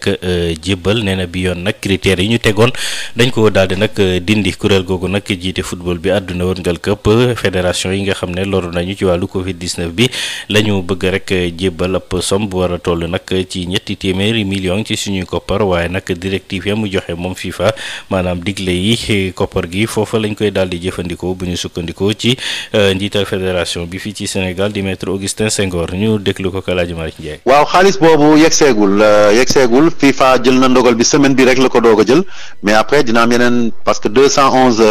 jébbal nee na bi yoon nag critères yi ñu tegoon dañ ko daldi di nag dindi kuréel googu nag jiite football bi àdduna wërngal këpp fédération yi nga xam ne loru nañu ci wàllu Covid 19 bi la ñu bëgg rek jébbal ab somme bu war a toll nag ci ñetti téeméeri millions ci nag directive mu joxe. waxee moom FIFA maanaam digle yi e koppar gi foofa lañ koy daal jëfandikoo bu ñu sukkandikoo ci euh, njiital fédération bi fii ci Sénégal di maître Augustin Senghor ñu déglu ko Kalaaji Malick Ndiaye. waaw xaalis boobu yegseegul euh, yegseegul FIFA jël na ndogal bi semaine bi rek la ko doog a jël mais après dina yeneen parce que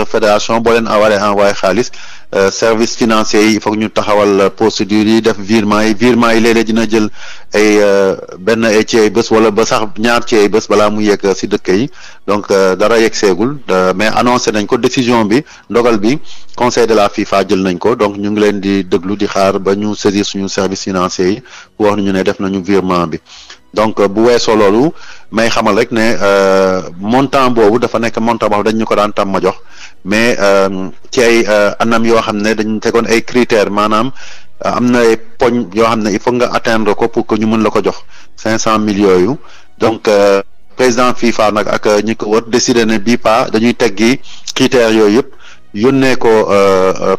fédération boo leen envoyé xaalis. Euh, service financier yi il ñu taxawal euh, procédure yi def virement yi virement yi léeg dina jël ay euh, benn ay ci ay bés wala ba sax ñaar ci ay bés balaa mu yegg si dëkk yi donc dara yegg seegul mais annoncé nañ ko décision bi ndogal bi conseil de la FIFA jël nañ ko donc ñu ngi leen di déglu di xaar ba ñu saisir suñu service financier yi wax nañu ne def nañu virement bi donc bu weesoo loolu may xamal rek ne montant boobu dafa nekk montant boo xam dañ ñu ko daan tam jox mais euh, ci ay euh, anam yoo xam ne dañ tegoon ay critères maanaam euh, am na ay poñ yoo xam ne i foog nga atteindre ko pour que ñu mun la ko jox cinq cent mille yooyu donc président FIFA nag ak ñi ko wër décider ne bii pa dañuy teggi critères yooyu yëpp yónnee ko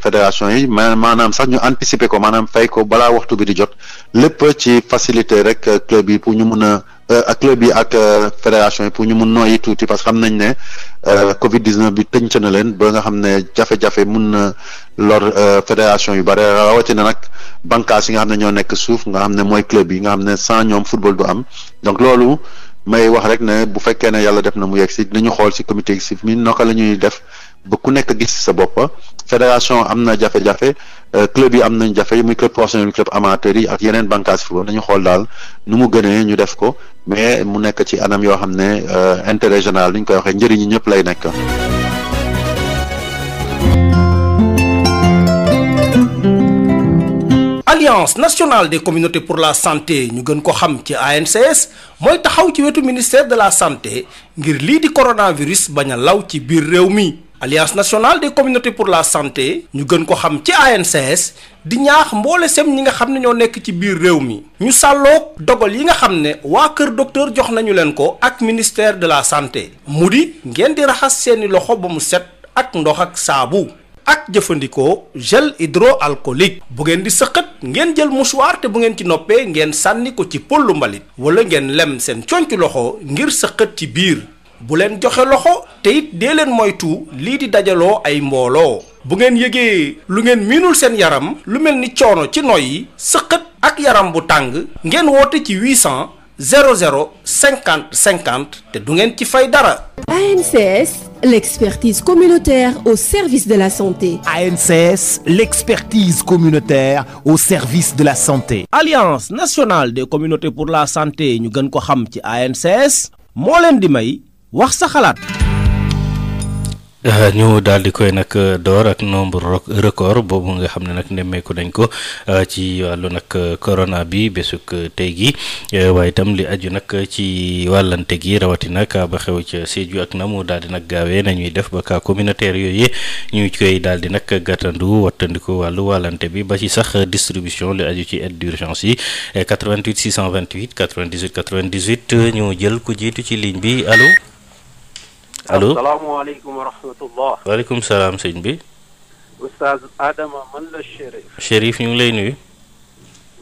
fédération yi maanaam sax ñu anticiper ko maanaam fay ko balaa waxtu bi di jot lépp ci faciliter rek club yi pour ñu mun a Euh, ak club yi ak euh, fédération yi pour ñu mun nooyi tuuti parce que xam nañ ne euh, Covid 19 bi tënc na leen ba nga xam ne jafe-jafe mun na lor fédération yu bare rawatina nag bànqaas yi nga xam ne ñoo nekk suuf nga xam ne mooy club yi nga xam ne sans ñoom football du am donc loolu may wax rek ne bu fekkee ne yàlla def na mu yegg si dinañu xool si comité exécutif mi naka la ñuy def. ba ku nekk gis sa boppa fédération am na jafe-jafe euh, club yi am nañ jafe muy club professionnel muy club amateur yi ak yeneen bànqaas football dañu xool daal nu mu gënee ñu def ko mais mu nekk ci anam yoo xam ne euh, intérêt général ni ñu koy waxee njëriñu ñëpp lay nekk. alliance nationale des communauté pour la santé ñu gën ko xam ci ANCS mooy taxaw ci wetu ministère de la santé ngir lii di coronavirus bañ a law ci biir réew mi. alliance nationale des communautés pour la santé ñu gën ko xam ci ANCS di ñaax mboole sem ñi nga xam ne ñoo nekk ci biir réew mi ñu sàlloog dogal yi nga xam ne waa kër docteur jox nañu leen ko ak ministère de la santé mu di ngeen di raxas seeni loxo ba mu set ak ndox ak saabu ak jëfandikoo gel hydroalcoolique bu ngeen di sëqat ngeen jël mouchoir te bu ngeen ci noppee ngeen sànni ko ci pollu mbalit wala ngeen lem seen conc loxo ngir sëqat ci biir bu leen joxe loxo te it dee leen moytu lii di dajaloo ay mbooloo bu ngeen yëgee lu ngeen miinul seen yaram lu mel ni coono ci noyyi sëqat ak yaram bu tàng ngeen woote ci 800 00 50 50 te du ngeen ci fay dara. ANCS. L'expertise communautaire au service de la santé. ANCS, l'expertise communautaire au service de la santé. Alliance nationale des communauté pour la santé ñu gën ko xam ci ANCS moo leen di may. wax sa xalaat. Euh, ñu daal di koy nag euh, door ak nombre record boobu nga xam ne nag nemmeeku nañ ko euh, ci wàllu nag corona bi bésuk tey gi waaye itam li aju nag ci wàllante gi rawatina kaa ba xew ca Sédhiou ak na mu daal di nag gaawee nañuy def ba kaa communautaire yooyu ñu koy daal di nag gàttandu wattandiku wàllu wàllante bi ba ci sax distribution li aju ci aide d'urgence yi 88 628 98 98 ñu jël ku jiitu ci ligne bi allo. allo asalaamaaleykum wa salaam sëñ bi. oustaz Adama man la Chérif. Chérif ñu ngi lay nuyu.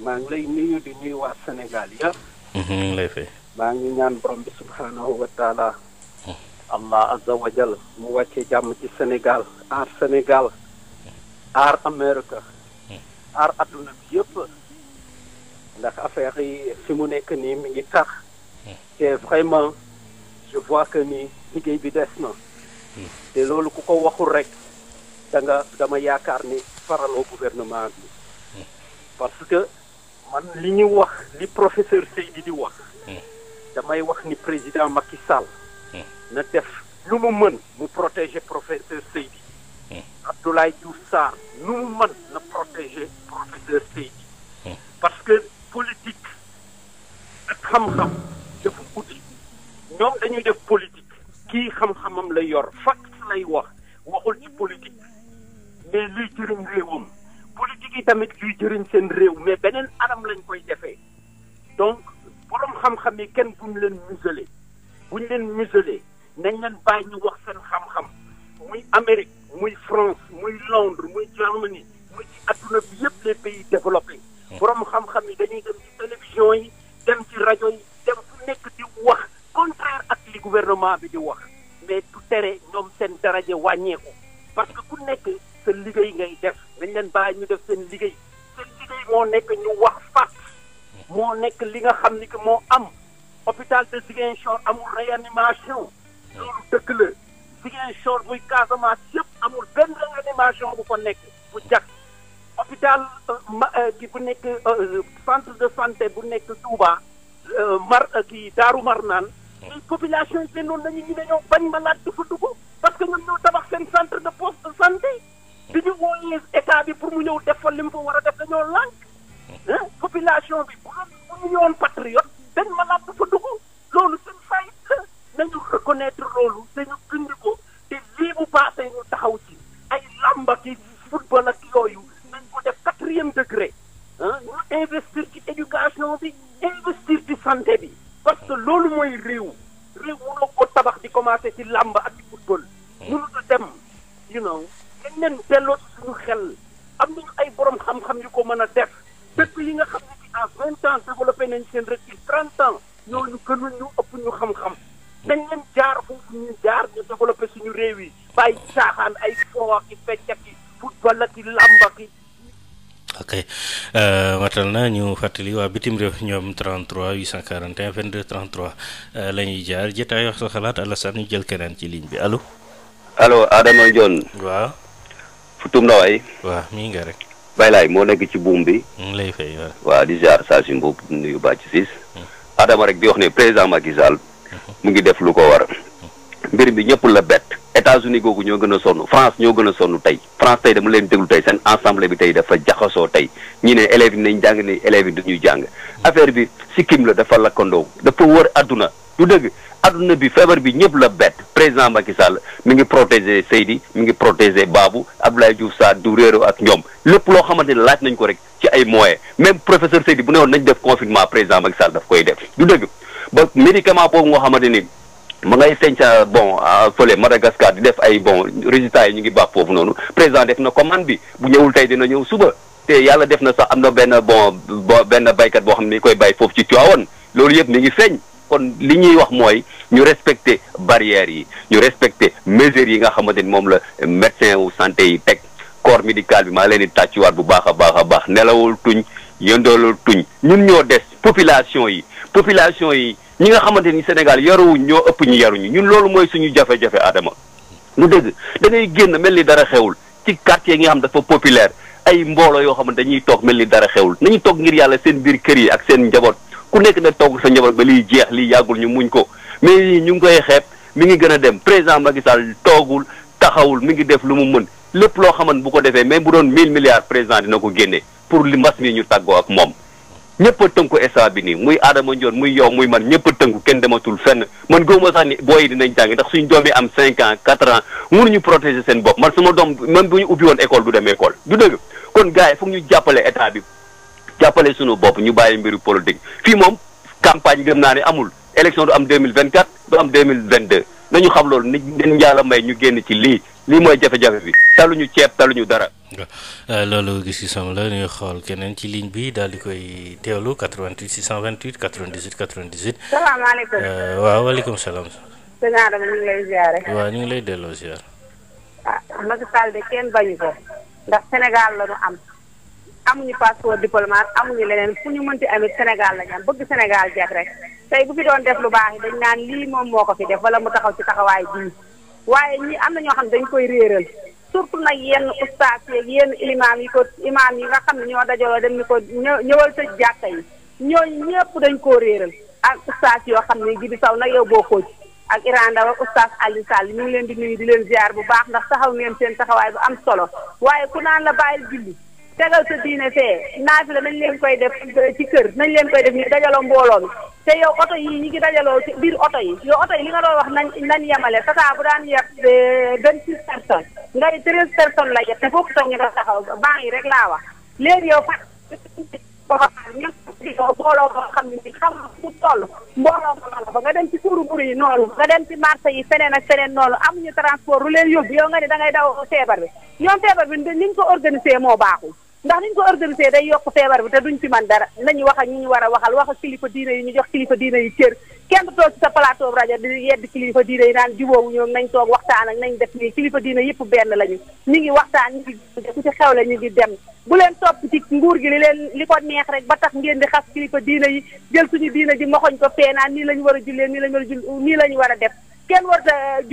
maa ngi lay nuyu di nuyu waa Sénégal yëpp. Mhm, maa ngi ñaan borom bi subhaanahu wa mhm. allah azza wa mu wàcce jàmm ci Sénégal aar Sénégal aar Amérique mhm. aar adduna bi yëpp ndax affaire yi fi mu nekk nii mi ngi tax. te vraiment. je vois que ni liggéey bi des na. te loolu ku ko waxul rek danga dama yaakaar ni faraloo gouvernement bi. parce que man li ñu wax li professeur Seydi di wax. damay wax ni président Macky Sall. na def lu mu mën mu protéger professeur Seydi. Abdoulaye Diouf Sarr nu mu mën na protéger professeur Seydi. parce que politique ak xam-xam. ñoom dañuy def politique kii xam-xamam lay yor fact lay wax waxul ci politique mais luy jëriñ réewam politique yi tamit luy jëriñ seen réew mais beneen anam lañ koy defee donc borom xam-xam kenn buñ leen muselé buñ leen muselé nañ leen bàyyi ñu wax seen xam-xam muy Amérique muy France muy Londres muy Germany muy adduna bi yëpp les pays développés projet wàññeeku parce que ku nekk sa liggéey ngay def dañ leen bàyyi ñu def seen liggéey seen liggéey moo nekk ñu wax fat moo nekk li nga xam ni que moo am hôpital de Ziguinchor amul réanimation loolu dëkk la Ziguinchor muy Casamance yëpp amul benn réanimation bu ko nekk bu jag hôpital euh, euh, ki bu nekk euh, centre de santé bu nekk Touba mar ki Daaru Marnaan hmm. population yi te noonu ñu ñu ne ñoo bañ malade dafa dugg que ñoom ñoo tabax seen centre de poste de santé bi ñu wooyee état bi pour mu ñëw def fa li mu fa war a def dañoo lànk ah population bi bu doon bu ñu ñëwoon patriote ma laaj fa dugg loolu seen faillite la nañu reconnaître loolu dañu bind ko te lii bu ñu taxaw ci ay lamba ki football ak yooyu nañ ko def quatrième degré ah ñu investir ci éducation bi investir ci santé bi parce que loolu mooy réew réew mënoo ko tabax di commencé ci làmb ak mënut a dem you know dañ leen delloo ci suñu xel am nañu ay borom xam-xam yu ko mën a def dëkk yi nga xam ne ci en vingt ans développé nañ seen rëcc trente ans ñooñu gënul ñu ëpp ñu xam-xam dañ leen jaar foofu ñu jaar ñu développé suñu réew yi bàyyi caaxaan ay foo ak i fecc ak i football ak i làmb ak i ok euh, matal na ñu fàttali waa bitim réew ñoom 33 841 22 33 la ñuy jaar jotaay wax sa xalaat Alassane ñu jël keneen ci ligne bi allo. alo Adama Ndione. waa Futum na waay. waaw mi nga rek. Baye Laye moo nekk ci buum bi. mu lay fay waa di ziar saa si mbub nuyu bàcc siis. Hmm. Adama rek di wax ne président Macky hmm. mu ngi def lu ko war. Hmm. mbir bi ñëpp la bet États-Unis googu ñoo gën a sonn France ñoo gën a sonnu tey France tey dama leen déglu tey seen ensemble bi tey dafa jaxasoo tey ñu ne élèves yi nañ jàng ne élèves yi dañuy jàng affaire bi sikkim la dafa lakkandoo dafa wër adduna du dëgg. adduna bi feebar bi ñëpp la bett président Macky Sall mi ngi protéger Seydi mu ngi protéger Babou Abdoulaye Diouf Sarr du réero ak ñoom lépp loo xamante ne laaj nañ ko rek ci ay moyens même professeur Seydi bu ne woon nañ def confinement président Macky Sall daf koy def du dëgg ba médicament boobu nga xamante ni ma ngay feeñ ca bon fële Madagascar di def ay bon résultats yi ñu ngi baax foofu noonu président def na commande bi bu ñëwul tey dina ñëw suba te yàlla def na sax am na benn bon benn baykat boo xam ne koy bay foofu ci Tivaouane loolu yëpp mi ngi feeñ kon li ñuy wax mooy ñu respecter barrières yi ñu respecter mesures yi nga xamante ni moom la médecin wu santé yi teg corps médical bi maa leen di tàccuwaat bu baax a baax a baax nelawul tuñ yëndoolul tuñ ñun ñoo des population yi population yi ñi nga xamante ni Sénégal yaruwuñ ñoo ëpp ñu yaruñu ñun loolu mooy suñu jafe-jafe Adama lu dëgg da ngay génn mel ni dara xewul ci quartier yi nga xam dafa populaire ay mbooloo yoo xam ne dañuy toog mel ni dara xewul nañu toog ngir yàlla seen biir kër yi ak seen njaboot bu nekk na togg sa njaboot ba liy jeex lii yàggul ñu muñ ko mais yii ñu ngi koy xeeb mi ngi gën a dem président Macky Sall toogul taxawul mi ngi def lu mu mën lépp loo xamante bu ko defee mais bu doon 1000 milliards président dina ko génne pour li mbas mi ñu tàggoo ak moom. ñëpp a tënku instant bi nii muy Adama Ndione muy yow muy man ñëpp tënku kenn dematul fenn man góob sax ni booy yi dinañ jàng ndax suñu doom yi am 5 ans 4 ans mënuñu protéger seen bopp man sama doom même bu ñu ubbi woon école du dem école du dëgg kon gars yi foog ñu jàppale état bi. jàppale sunu bopp ñu bàyyi mbiru politique fii moom campagne gëm naa ne amul élection du am 2024 du am 2022 nañu xam loolu nit ñi yàlla may ñu génn ci lii lii mooy jafe-jafe bi taluñu ceeb ñu dara. Euh, loolu gis-gisam la ñuy xool keneen ci ligne bi daal di koy teewlu 88 628 98 98. salaamaaleykum. Euh, waaw waaleykum salaam. sëñ Adama ñu ngi waaw ñu ngi lay delloo ziare. Ah, la ñu am. amuñu passeport diplomate amuñu leneen fu ñu mënti amit Sénégal la ñu bëgg Sénégal jeex rek tey bu fi doon def lu baax yi dañ naan lii moom moo ko fi def wala mu taxaw ci taxawaay bii waaye ñi am na ñoo xam ne dañ koy réeral surtout nag yenn ustaas yeeg yenn imaam yi ko imaam yi nga xam ne ñoo dajaloo dem ni ko ñëwal tëj jàkka yi ñooñu ñëpp dañ koo réeral ak ustaas yoo xam ne Jibi Saw nag yow bokkoo ci ak Iran Ndao ak ustaas Aliou Sall ñu ngi leen di nuyu di leen ziar bu baax ndax taxaw ngeen seen taxawaay bu am solo tegal sa diine fee naafila nañ leen koy def ci kër nañ leen koy def ñu dajaloo mbooloo mi te yow oto yi ñi ngi dajaloo ci biir oto yi yow oto yi li nga doon wax nañ nañ yemale tata bu daan yeb eh, vingt six personnes ngay treize personnes la yeb te foofu sax ñu doon taxaw banc yi rek laa wax léegi yow fat mbooloo boo xam ne xam fu toll mbooloo boo ba nga dem ci suuru bur yi noonu nga dem ci marché yi feneen ak feneen noonu amuñu transport lu leen yóbbu yow nga ne dangay daw feebar bi ñoom feebar bi ni ñu ko organisé moo baaxul ndax niñ ko organisé day yokk feebar bi te duñ ci man dara nañu wax ak ñi ñu war a waxal wax ak kilifa diine yi ñu jox kilifa diine yi cër kenn toog ci sa plateau rajo di yedd kilifa diine yi naan jubóowu ñoom nañ toog waxtaan ak nañ def nii kilifa diine yëpp benn lañu ñu ngi waxtaan ñu ngi ku ci xewle ñu ngi dem bu leen topp ci nguur gi li leen li ko neex rek ba tax ngeen di xas kilifa diine yi jël suñu diine ji moxoñ ko feenaan nii lañu war a jullee nii lañu war a jull lañu war a def kenn warta eh,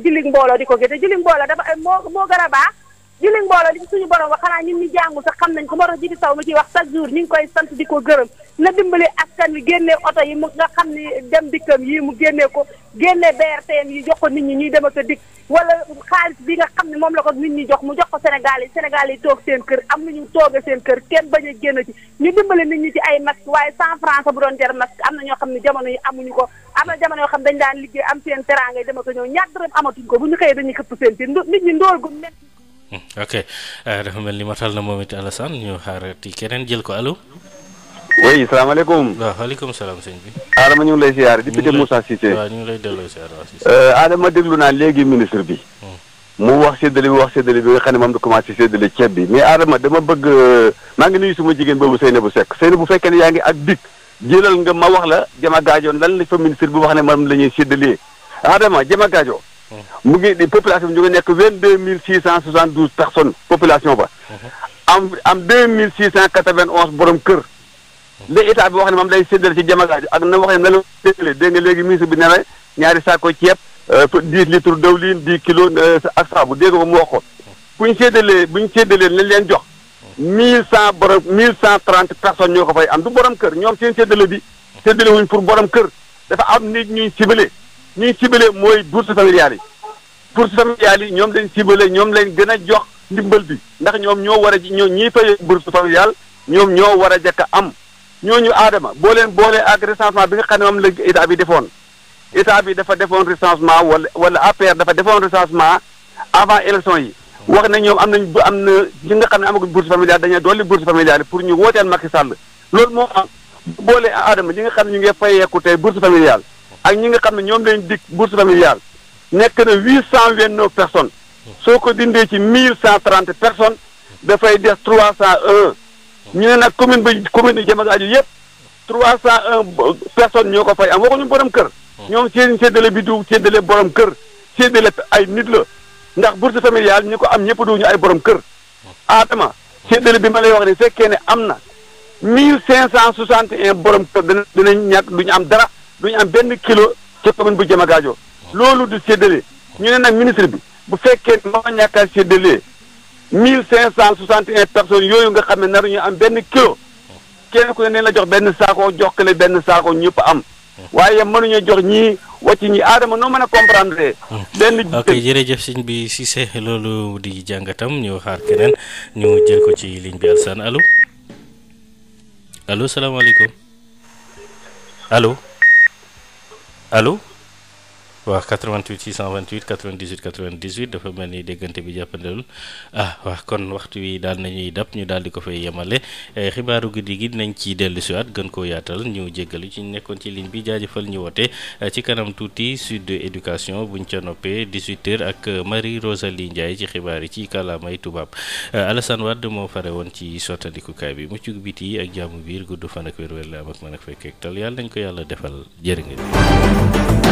julli mbooloo di ko gé te julli mbooloo dafa eh, moo moo gën a baax julli mbooloo li suñu borom wax xanaa ñun ñu jàngul sax xam nañ ko moo tax jiitu saw mi ciy wax chaque jour ñu ngi koy sant di ko gërëm na dimbali askan wi génnee oto yi mu nga xam ni dem dikkam yi mu génnee ko génnee BRTM yi jox ko nit ñi ñuy dem ak a dikk wala xaalis bi nga xam ne moom la ko nit ñi jox mu jox ko Sénégal yi Sénégal yi toog seen kër am nañu tooge seen kër kenn bañ a génn ci ñu dimbali nit ñi ci ay masque waaye cent francs bu doon jar masque am na ñoo xam ne jamono yi amuñu ko am na jamono yoo xam dañ daan liggéey am seen teraanga yi dem ak a ñëw ñaar dërëm ko bu ñu xëyee dañuy xëpp seen ci nit Hmm, ok eh, dafa mel ni matal na moom it Alassane ñu xaarati keneen jël ko allo. oui salaamaaleykum. waaw waaleykum salaam sëñ bi. Adama ñu ngi lay ziar député Moussa Cissé. ñu ngi lay delloo ziar waaw Cissé. Euh, Adama naa léegi ministre bi. Hmm. mu wax séddale bi wax séddale bi nga xam ne moom du commencé séddale ceeb bi mais Adama dama bëgg euh, maa ngi nuyu suma jigéen boobu Seynabou Seck Seynabou bu fekkee ne yaa ngi ak dig jëlal nga ma wax la jama gaajoon lan la fa ministre bi wax ne man la ñuy séddalee Adama jama gaajo mu ngi di population bi ñu ngi nekk vingt deux mille six cent soixante douze personnes population ba. am am deux mille six cent quatre vingt onze borom kër. léegi état bi wax ne moom day séddale ci jamono ak na wax ne na séddale dégg nga bi ne la ñaari saako ceeb. Euh, dix litres euh, ak saabu dégg mu wax ko. bu ñu séddalee bu ñu séddalee nañ leen jox. mille cent borom mille cent trente personnes ñoo ko fay am du borom kër ñoom seen séddale bi. séddale wuñ pour borom kër dafa am nit ñuy ciblé. ñu ciblé mooy bourse familiale yi bourse familiale yi ñoom lañ ciblé ñoom lañ gën a jox ndimbal bi ndax ñoom ñoo war a ñoo ñiy fay bourse familiale ñoom ñoo war a jëkk a am ñooñu aadama boo leen boolee ak recensement bi nga xam ne moom la état bi defoon état bi dafa defoon recensement wala wala APR dafa defoon recensement avant élection yi wax ne ñoom am nañ am na ñi nga xam ne amaguñ bourse familiale dañu dolli bourse familiale pour ñu wooteel Macky Sall loolu moo am boolee aadama ñi nga ñu ngi fayeeku tey bourse ak ñi nga xam ne ñoom lañ dig bourse familiale nekk na huit cent vingt neuf personnes soo ko dindee ci mille cent trent personnes dafay des trois cent un ñu ne nag commune bi commune yi jëma aju yëpp trois cent un personnes ñoo ko fay am waxuñu borom kër ñoom seen séddale bi du séddale borom kër séddale ay nit la ndax bourse familiale ñu ko am ñëpp duñu ay borom kër aadama séddale bi ma lay wax ne fekkee ne am na mille cinq cent soixante et un borom kër dinañ ñàkk duñu am dara lu ñu am benn kilo ci commune bu jamagaajo loolu du séddale ñu ne nag ministre bi bu fekkee moo ñàkk a séddale mille cinq cent yooyu nga xam ne nar ñu am benn kilo kenn ku ne nañ la jox benn saako jox ko benn saako ñëpp am waaye mënuñu jox ñii wàcc ñi aadama noo mën a comprendre. benn jëf si sëñ si Cissé loolu di jàngatam ñu xaar keneen ñu jël ko ci ligne bi Alsaan allo allo salaamaaleykum allo. allo waaw 88 628 98 98 dafa mel ni déggante bi jàppandalul ah waaw kon waxtu wi daal nañuy dab ñu daal di ko fay yemale eh, xibaaru guddi gi nañ ci dellu siwaat gën koo yaatal ñu jéggalu ci nekkoon ci ligne bi jaajëfal ñu woote eh, ci kanam tuuti sud éducation buñ ca noppee 18h ak eh, Marie Rosalie Ndiaye ci xibaar yi ci kàllaamay tubaab Alassane Wade moo fare woon ci sottandikukaay bi mucc biti yi ak jàmm biir gudd fan ak wér-wér la am ak mën a fekk tal yàlla nañ ko yàlla defal jërë